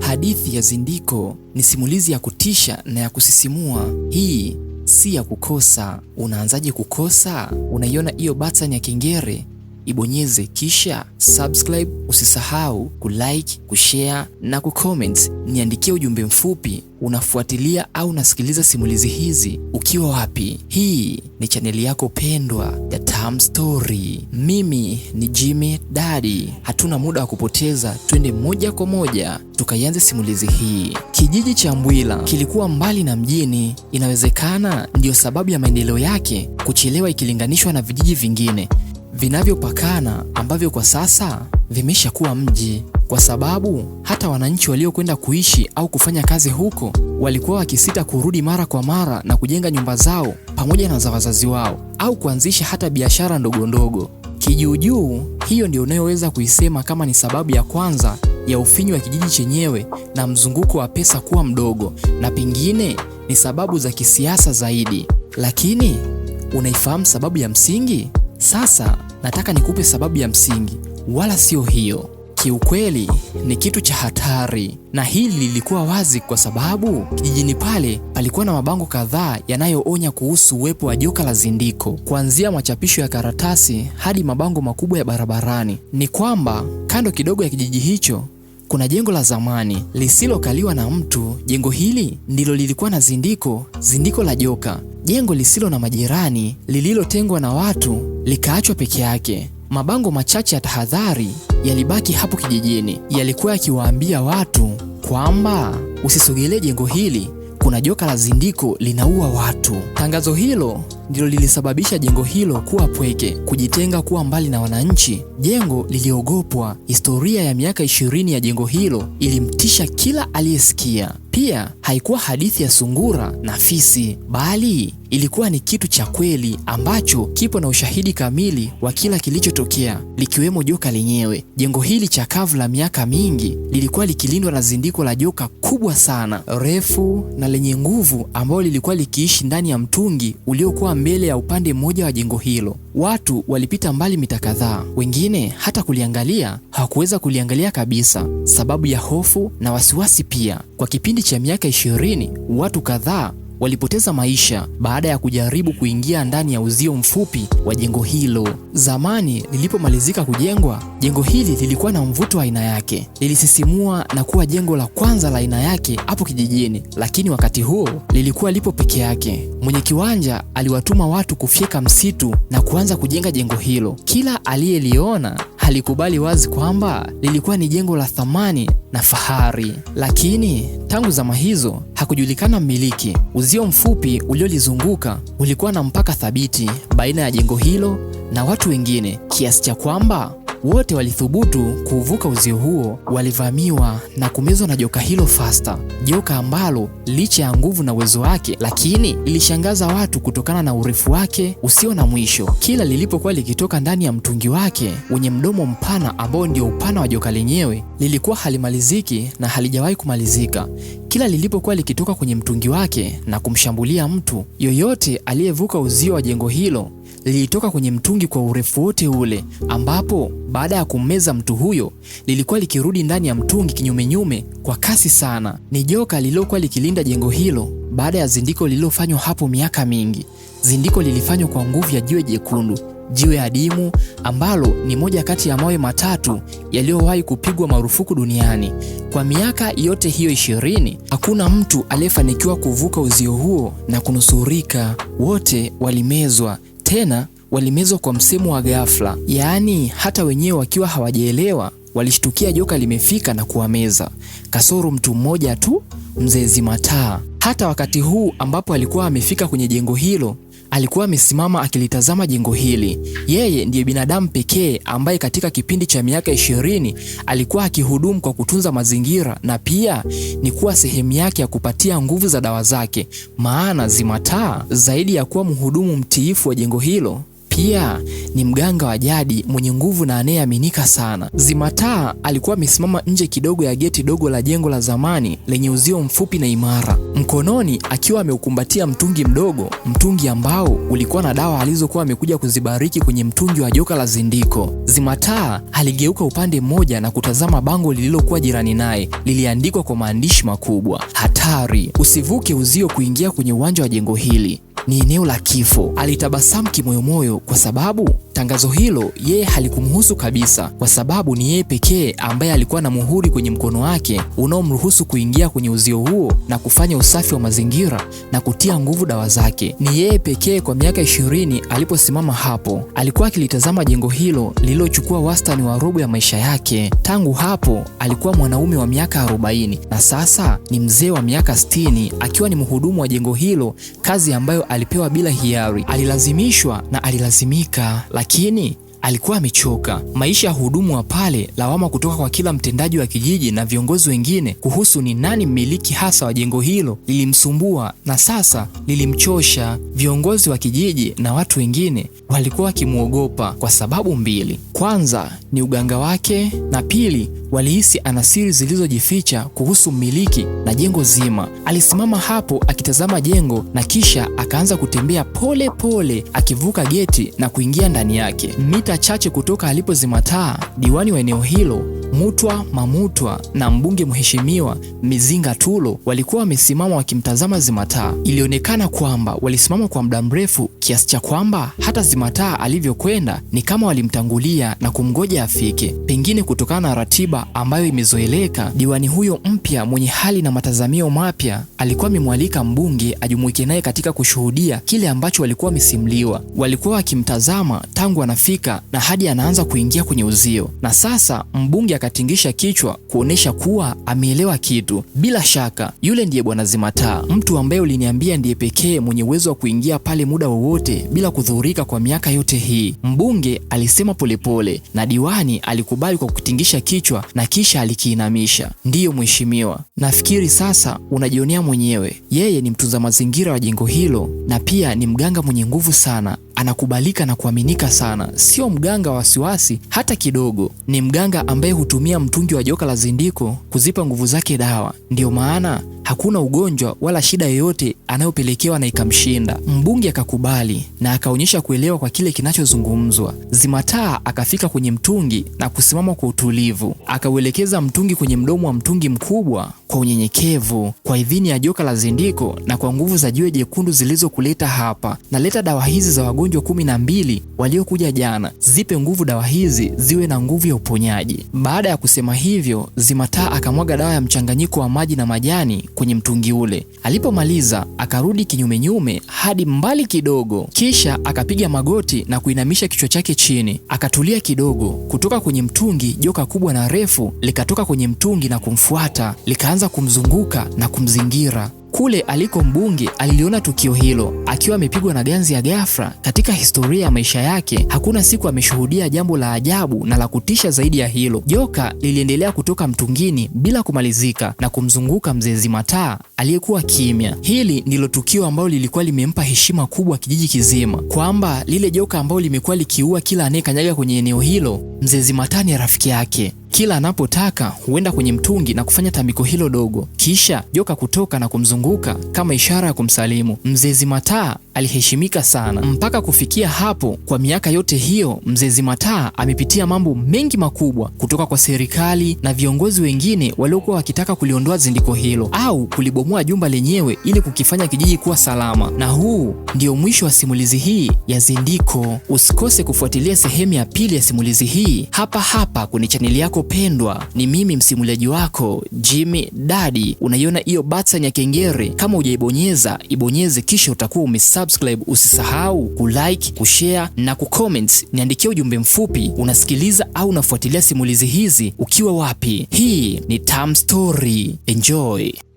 Hadithi ya Zindiko ni simulizi ya kutisha na ya kusisimua. Hii si ya kukosa. Unaanzaje kukosa? Unaiona hiyo batani ya kengere ibonyeze, kisha subscribe. Usisahau kulike, kushare na kucomment. Niandikie ujumbe mfupi, unafuatilia au unasikiliza simulizi hizi ukiwa wapi? Hii ni chaneli yako pendwa ya Tam Story. Mimi ni Jimmy Dadi. Hatuna muda wa kupoteza, twende moja kwa moja tukaianze simulizi hii. Kijiji cha Mbwila kilikuwa mbali na mjini, inawezekana ndiyo sababu ya maendeleo yake kuchelewa ikilinganishwa na vijiji vingine vinavyopakana ambavyo kwa sasa vimeshakuwa mji, kwa sababu hata wananchi waliokwenda kuishi au kufanya kazi huko walikuwa wakisita kurudi mara kwa mara na kujenga nyumba zao pamoja na za wazazi wao au kuanzisha hata biashara ndogo ndogo. Kijuujuu, hiyo ndio unayoweza kuisema kama ni sababu ya kwanza ya ufinyu wa kijiji chenyewe na mzunguko wa pesa kuwa mdogo, na pengine ni sababu za kisiasa zaidi. Lakini unaifahamu sababu ya msingi? Sasa nataka nikupe sababu ya msingi, wala sio hiyo. Kiukweli ni kitu cha hatari, na hili lilikuwa wazi kwa sababu kijijini pale palikuwa na mabango kadhaa yanayoonya kuhusu uwepo wa joka la zindiko, kuanzia machapisho ya karatasi hadi mabango makubwa ya barabarani. Ni kwamba kando kidogo ya kijiji hicho kuna jengo la zamani lisilokaliwa na mtu. Jengo hili ndilo lilikuwa na zindiko, zindiko la joka, jengo lisilo na majirani, lililotengwa na watu, likaachwa peke yake. Mabango machache ya tahadhari yalibaki hapo kijijini, yalikuwa yakiwaambia watu kwamba usisogelee jengo hili kuna joka la zindiko linaua watu. Tangazo hilo ndilo lilisababisha jengo hilo kuwa pweke, kujitenga kuwa mbali na wananchi. Jengo liliogopwa. Historia ya miaka ishirini ya jengo hilo ilimtisha kila aliyesikia. Pia haikuwa hadithi ya sungura na fisi, bali Ilikuwa ni kitu cha kweli ambacho kipo na ushahidi kamili wa kila kilichotokea, likiwemo joka lenyewe. Jengo hili chakavu la miaka mingi lilikuwa likilindwa na zindiko la joka kubwa sana, refu na lenye nguvu, ambalo lilikuwa likiishi ndani ya mtungi uliokuwa mbele ya upande mmoja wa jengo hilo. Watu walipita mbali mita kadhaa, wengine hata kuliangalia hawakuweza kuliangalia kabisa, sababu ya hofu na wasiwasi. Pia kwa kipindi cha miaka ishirini watu kadhaa walipoteza maisha baada ya kujaribu kuingia ndani ya uzio mfupi wa jengo hilo. Zamani lilipomalizika kujengwa, jengo hili lilikuwa na mvuto wa aina yake, lilisisimua na kuwa jengo la kwanza la aina yake hapo kijijini, lakini wakati huo lilikuwa lipo peke yake. Mwenye kiwanja aliwatuma watu kufyeka msitu na kuanza kujenga jengo hilo. Kila aliyeliona alikubali wazi kwamba lilikuwa ni jengo la thamani na fahari, lakini tangu zama hizo hakujulikana mmiliki. Uzio mfupi uliolizunguka ulikuwa na mpaka thabiti baina ya jengo hilo na watu wengine, kiasi cha kwamba wote walithubutu kuvuka uzio huo, walivamiwa na kumezwa na joka hilo Fasta, joka ambalo licha ya nguvu na uwezo wake, lakini ilishangaza watu kutokana na urefu wake usio na mwisho. Kila lilipokuwa likitoka ndani ya mtungi wake wenye mdomo mpana ambao ndio upana wa joka lenyewe, lilikuwa halimaliziki na halijawahi kumalizika. Kila lilipokuwa likitoka kwenye mtungi wake na kumshambulia mtu yoyote aliyevuka uzio wa jengo hilo, lilitoka kwenye mtungi kwa urefu wote ule, ambapo baada ya kummeza mtu huyo lilikuwa likirudi ndani ya mtungi kinyumenyume kwa kasi sana. Ni joka lililokuwa likilinda jengo hilo baada ya zindiko lililofanywa hapo miaka mingi. Zindiko lilifanywa kwa nguvu ya jiwe jekundu jiwe adimu ambalo ni moja kati ya mawe matatu yaliyowahi kupigwa marufuku duniani. Kwa miaka yote hiyo ishirini, hakuna mtu aliyefanikiwa kuvuka uzio huo na kunusurika. Wote walimezwa, tena walimezwa kwa msemo wa ghafla, yaani hata wenyewe wakiwa hawajaelewa walishtukia joka limefika na kuwameza, kasoro mtu mmoja tu, mzee Zimataa. Hata wakati huu ambapo alikuwa amefika kwenye jengo hilo alikuwa amesimama akilitazama jengo hili. Yeye ndiye binadamu pekee ambaye katika kipindi cha miaka ishirini alikuwa akihudumu kwa kutunza mazingira na pia ni kuwa sehemu yake ya kupatia nguvu za dawa zake, maana Zimataa zaidi ya kuwa mhudumu mtiifu wa jengo hilo pia ni mganga wa jadi mwenye nguvu na anayeaminika sana. Zimataa alikuwa amesimama nje kidogo ya geti dogo la jengo la zamani lenye uzio mfupi na imara, mkononi akiwa ameukumbatia mtungi mdogo, mtungi ambao ulikuwa na dawa alizokuwa amekuja kuzibariki kwenye mtungi wa joka la Zindiko. Zimataa aligeuka upande mmoja na kutazama bango lililokuwa jirani naye, liliandikwa kwa maandishi makubwa, hatari, usivuke uzio kuingia kwenye uwanja wa jengo hili ni eneo la kifo. Alitabasamu kimoyomoyo kwa sababu Tangazo hilo yeye halikumhusu kabisa, kwa sababu ni yeye pekee ambaye alikuwa na muhuri kwenye mkono wake unaomruhusu kuingia kwenye uzio huo na kufanya usafi wa mazingira na kutia nguvu dawa zake. Ni yeye pekee kwa miaka ishirini aliposimama hapo, alikuwa akilitazama jengo hilo lililochukua wastani wa robo ya maisha yake. Tangu hapo alikuwa mwanaume wa miaka arobaini na sasa ni mzee wa miaka 60 akiwa ni mhudumu wa jengo hilo, kazi ambayo alipewa bila hiari. Alilazimishwa na alilazimika lakini alikuwa amechoka maisha ya hudumu wa pale, lawama kutoka kwa kila mtendaji wa kijiji na viongozi wengine kuhusu ni nani mmiliki hasa wa jengo hilo lilimsumbua na sasa lilimchosha. Viongozi wa kijiji na watu wengine walikuwa wakimwogopa kwa sababu mbili: kwanza ni uganga wake, na pili walihisi ana siri zilizojificha kuhusu mmiliki na jengo zima. Alisimama hapo akitazama jengo na kisha akaanza kutembea pole pole akivuka geti na kuingia ndani yake. Mita chache kutoka alipozima taa, diwani wa eneo hilo Mutwa Mamutwa na mbunge mheshimiwa Mizinga Tulo walikuwa wamesimama wakimtazama Zimataa. Ilionekana kwamba walisimama kwa muda mrefu kiasi cha kwamba hata Zimataa alivyokwenda ni kama walimtangulia na kumgoja afike. Pengine kutokana na ratiba ambayo imezoeleka, diwani huyo mpya mwenye hali na matazamio mapya alikuwa amemwalika mbunge ajumuike naye katika kushuhudia kile ambacho walikuwa wamesimliwa. Walikuwa wakimtazama tangu anafika na hadi anaanza kuingia kwenye uzio, na sasa mbunge akatingisha kichwa kuonesha kuwa ameelewa kitu. Bila shaka yule ndiye Bwana Zimataa, mtu ambaye uliniambia ndiye pekee mwenye uwezo wa kuingia pale muda wowote bila kudhurika kwa miaka yote hii, mbunge alisema polepole, na diwani alikubali kwa kutingisha kichwa na kisha alikiinamisha. Ndiyo mheshimiwa, nafikiri sasa unajionea mwenyewe. Yeye ni mtunza mazingira wa jengo hilo na pia ni mganga mwenye nguvu sana anakubalika na kuaminika sana. Sio mganga wa wasiwasi hata kidogo, ni mganga ambaye hutumia mtungi wa joka la zindiko kuzipa nguvu zake dawa. Ndiyo maana hakuna ugonjwa wala shida yoyote anayopelekewa na ikamshinda. Mbunge akakubali na akaonyesha kuelewa kwa kile kinachozungumzwa. Zimataa akafika kwenye mtungi na kusimama kwa utulivu, akauelekeza mtungi kwenye mdomo wa mtungi mkubwa kwa unyenyekevu, kwa idhini ya joka la Zindiko na kwa nguvu za jiwe jekundu zilizokuleta hapa, na leta dawa hizi za wagonjwa kumi na mbili waliokuja jana, zipe nguvu dawa hizi ziwe na nguvu ya uponyaji. Baada ya kusema hivyo, Zimataa akamwaga dawa ya mchanganyiko wa maji na majani kwenye mtungi ule. Alipomaliza akarudi kinyumenyume hadi mbali kidogo, kisha akapiga magoti na kuinamisha kichwa chake chini, akatulia kidogo. Kutoka kwenye mtungi, joka kubwa na refu likatoka kwenye mtungi na kumfuata, likaanza kumzunguka na kumzingira. Kule aliko mbunge aliliona tukio hilo akiwa amepigwa na ganzi ya ghafla. Katika historia ya maisha yake hakuna siku ameshuhudia jambo la ajabu na la kutisha zaidi ya hilo. Joka liliendelea kutoka mtungini bila kumalizika na kumzunguka mzee Zimataa aliyekuwa kimya. Hili ndilo tukio ambalo lilikuwa limempa heshima kubwa kijiji kizima, kwamba lile joka ambalo limekuwa likiua kila anayekanyaga kwenye eneo hilo, mzee Zimatani ya rafiki yake kila anapotaka huenda kwenye mtungi na kufanya tambiko hilo dogo, kisha joka kutoka na kumzunguka kama ishara ya kumsalimu. Mzee Zimataa aliheshimika sana. Mpaka kufikia hapo, kwa miaka yote hiyo, mzee Zimataa amepitia mambo mengi makubwa kutoka kwa serikali na viongozi wengine waliokuwa wakitaka kuliondoa zindiko hilo au kulibomoa jumba lenyewe ili kukifanya kijiji kuwa salama. Na huu ndio mwisho wa simulizi hii ya Zindiko. Usikose kufuatilia sehemu ya pili ya simulizi hii hapa hapa kwenye chaneli yako pendwa. Ni mimi msimuliaji wako Jimmy Dadi. Unaiona hiyo batsa ya kengere kama hujaibonyeza ibonyeze, kisha utakuwa umesa kusubscribe, usisahau kulike, kushare na kucomment. Niandikia ujumbe mfupi, unasikiliza au unafuatilia simulizi hizi ukiwa wapi. Hii ni Tam Story. Enjoy.